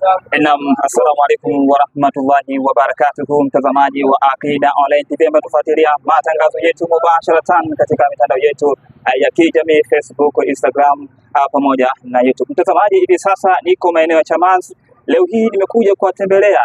Naam, assalamu alaikum warahmatullahi wabarakatuhu, mtazamaji wa Aqida Online TV ambaye tufuatilia matangazo yetu mubasharatan katika mitandao yetu ya kijamii Facebook, Instagram ah, pamoja na YouTube. Mtazamaji, hivi sasa niko maeneo ya Chamazi. Leo hii nimekuja kuwatembelea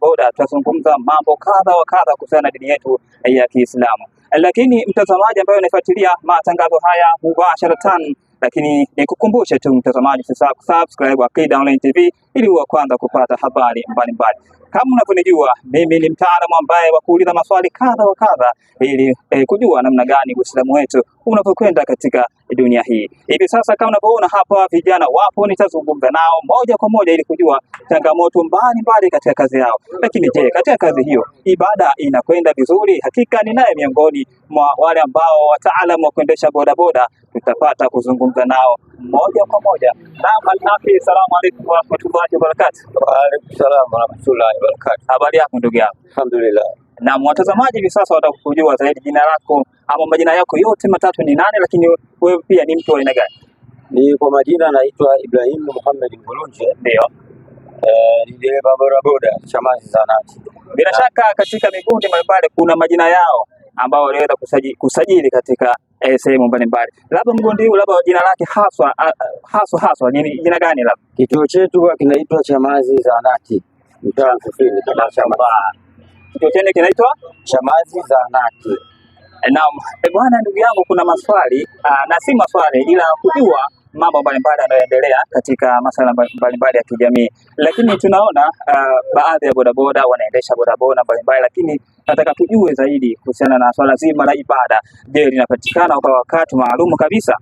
boda tutazungumza mambo kadha wa kadha kuhusiana na dini yetu ya Kiislamu. Lakini mtazamaji ambaye unafuatilia matangazo haya mubasharatan lakini nikukumbushe tu mtazamaji, usisahau kusubscribe Akida Online TV ili uwe kwanza kupata habari mbalimbali. Kama unavyonijua mimi ni mtaalamu ambaye wa kuuliza maswali kadha wa kadha ili eh, kujua namna gani Uislamu wetu unavyokwenda katika dunia hii hivi sasa. Kama unavyoona hapa, vijana wapo, nitazungumza nao moja kwa moja ili kujua changamoto mbalimbali katika kazi yao. Lakini je, katika kazi hiyo ibada inakwenda vizuri? Hakika ninaye miongoni mwa wale ambao wataalamu wa kuendesha bodaboda tutapata kuzungumza nao moja kwa moja. Naam, Alnafi, salamu alaykum wa rahmatullahi wa barakatuh. Wa alaykum wa rahmatullahi wa barakatuh. Habari yako ndugu yangu? Alhamdulillah. Na watazamaji hivi sasa watakujua zaidi jina lako ama majina yako yote matatu ni nane, lakini wewe pia ni mtu wa aina gani? Ni kwa majina naitwa Ibrahim Muhammad Ngolonje. Ndio. Eh, ni dereva bodaboda Chamazi Zanati. Bila shaka katika migundi mbalimbali kuna majina yao ambao waliweza kusajili, kusajili katika eh, sehemu mbalimbali. Labda mgondi huyu labda jina lake haswa haswa haswa jina gani? Labda kituo chetu kinaitwa Chamazi Zahanati mtaa Mfufini, kama Kituo chene kinaitwa Chamazi Zahanati. Naam, eh, bwana ndugu yangu, kuna maswali ah, na si maswali ila kujua mambo mbalimbali yanayoendelea katika masuala mbalimbali ya kijamii, lakini tunaona uh, baadhi ya bodaboda wanaendesha bodaboda mbalimbali, lakini nataka tujue zaidi kuhusiana na swala zima la ibada. Je, linapatikana kwa wakati maalum kabisa?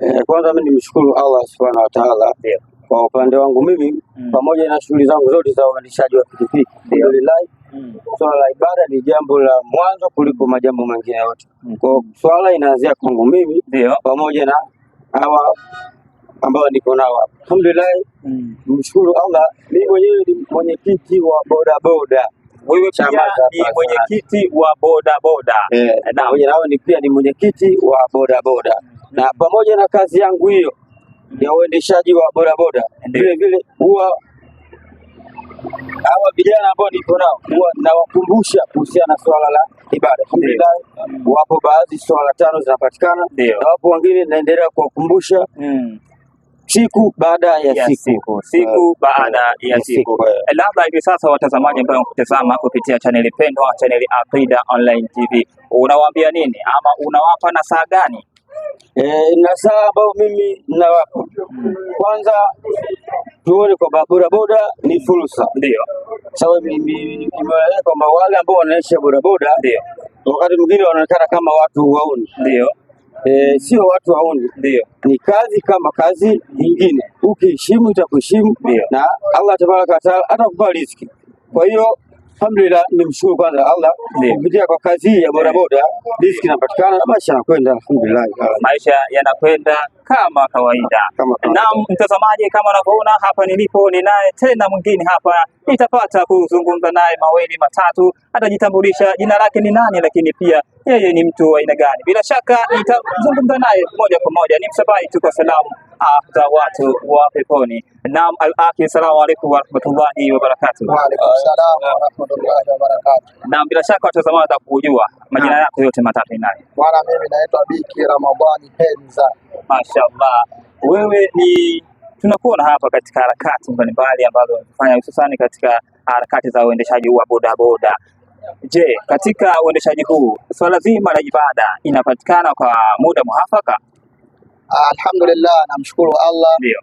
Eh, kwanza mimi nimshukuru Allah subhanahu wa ta'ala Kwa upande wangu mimi mm. pamoja na shughuli zangu zote za uendeshaji wa pikipiki alhamdulillah mm. swala la ibada ni jambo la mwanzo kuliko majambo mengine yote mm. kwa swala inaanzia kwangu mimi pamoja na hawa ambao niko nao hapa alhamdulillah. Mm. Mshukuru Allah, mimi mwenyewe ni mwenyekiti wa bodaboda wewe pia ni mwenyekiti wa bodaboda yeah. Na wewe nao ni pia ni mwenyekiti wa bodaboda boda. Na pamoja na kazi yangu hiyo ya uendeshaji wa bodaboda vile vile huwa hawa vijana ambao niko nao huwa nawakumbusha kuhusiana na swala la ibada. Alhamdulillah, wapo baadhi swala tano zinapatikana na wapo wengine naendelea kuwakumbusha mm. Siku baada ya, ya siku, siku, eh. siku baada ya siku, eh. Labda hivi sasa watazamaji ambao mkutazama kupitia chaneli pendwa, chaneli Aqida Online TV, unawaambia nini ama unawapa nasaha gani E, na saa ambayo mimi nawapa kwanza, tuone kwamba bodaboda ni fursa, ndio sawa. Imeeleza kwamba wale ambao wanaendesha bodaboda ndio wakati mwingine wanaonekana kama watu wauni, ndio e, sio watu wauni, ndio ni kazi kama kazi nyingine. Ukiheshimu itakuheshimu na Allah tabaraka wataala atakupa riziki, kwa hiyo Alhamdulillah, nimshukuru kwanza Allah kupitia kwa kazi ya bodaboda, riziki inapatikana na maisha yanakwenda, alhamdulillah, maisha yanakwenda kama kawaida. Na mtazamaji, kama unavyoona hapa nilipo, ni naye tena mwingine hapa, nitapata kuzungumza naye mawili matatu, atajitambulisha jina lake ni nani, lakini pia yeye ni mtu wa aina gani. Bila shaka nitazungumza naye moja kwa moja, ni msabai tu kwa salamu aidha watu wa peponi. Naam, alaki, assalamu alaikum wa rahmatullahi wa barakatuh. Wa wa rahmatullahi wa barakatuh. Naam, bila shaka watazamaji watakujua majina yako yote matatu ni nani? Bwana, mimi naitwa Biki Ramadhani Penza. Mashaallah, wewe ni tunakuona hapa katika harakati mbalimbali ambazo unafanya hususani katika harakati za uendeshaji wa bodaboda. Je, katika uendeshaji huu swala zima la ibada inapatikana kwa muda muafaka? Ah, alhamdulillah, namshukuru Allah. Ndio.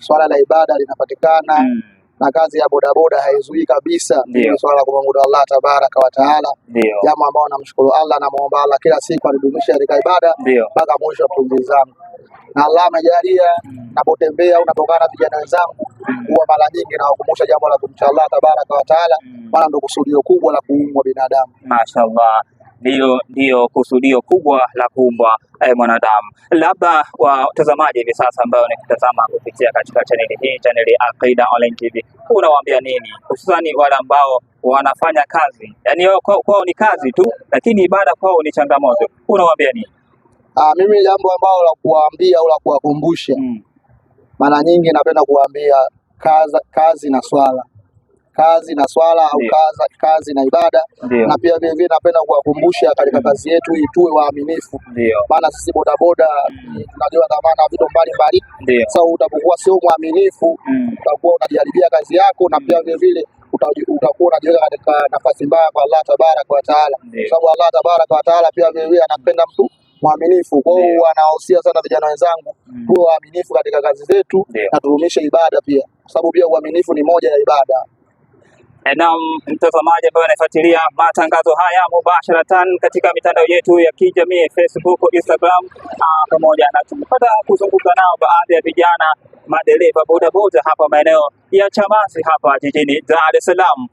Swala la ibada linapatikana mm. na kazi ya bodaboda haizuii kabisa swala la kumwabudu Allah tabaraka wa taala, jambo ambao namshukuru Allah, namuomba Allah kila siku anidumisha katika ibada mpaka mwisho wa pumzi zangu, na Allah amejalia mm. napotembea unatokana na vijana wenzangu mm. huwa mara nyingi nawakumbusha jambo la kumcha Allah tabaraka wa taala, mm. maana mm. ndo kusudio kubwa la kuumwa binadamu. Mashaallah. Hilo ndiyo kusudio kubwa la kuumbwa eh, mwanadamu. Labda watazamaji hivi sasa ambao nikutazama kupitia katika chaneli hii, chaneli Aqida Online TV, unawaambia nini, hususani wale ambao wanafanya kazi, yani kwao kwa ni kazi tu, lakini ibada kwao ni changamoto, unawaambia nini? Ah, mimi jambo ambalo la kuwaambia au la kuwakumbusha, mm. mara mm, nyingi napenda kuwaambia kazi, kazi na swala kazi na swala au kazi, kazi na ibada Dio. Na pia vilevile napenda kuwakumbusha katika kazi yetu hii tuwe waaminifu, maana sisi bodaboda tunajua dhamana vitu mbalimbali. Sasa utakuwa sio mwaminifu mm. utakuwa unajaribia kazi yako na pia vilevile utakuwa unajiweka katika nafasi mbaya kwa Allah tabaraka wa taala, kwa sababu Allah tabaraka wa taala pia vilevile anapenda mtu mwaminifu. Kwa hiyo anawahusia sana vijana wenzangu mm. tuwe waaminifu katika kazi zetu na tudumishe ibada pia, kwa sababu pia uaminifu ni moja ya ibada. Eh, naam, mtazamaji ambaye anafuatilia matangazo haya mubasharatan katika mitandao yetu ya kijamii Facebook, Instagram ah, pamoja na tumepata kuzunguka nao baadhi ya vijana madereva bodaboda hapa maeneo ya Chamazi hapa jijini Dar es Salaam.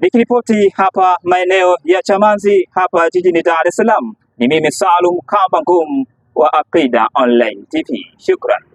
Nikiripoti hapa maeneo ya Chamazi hapa jijini Dar es Salaam, ni mimi Salum Kamba Ngum wa Aqida Online TV. Shukran.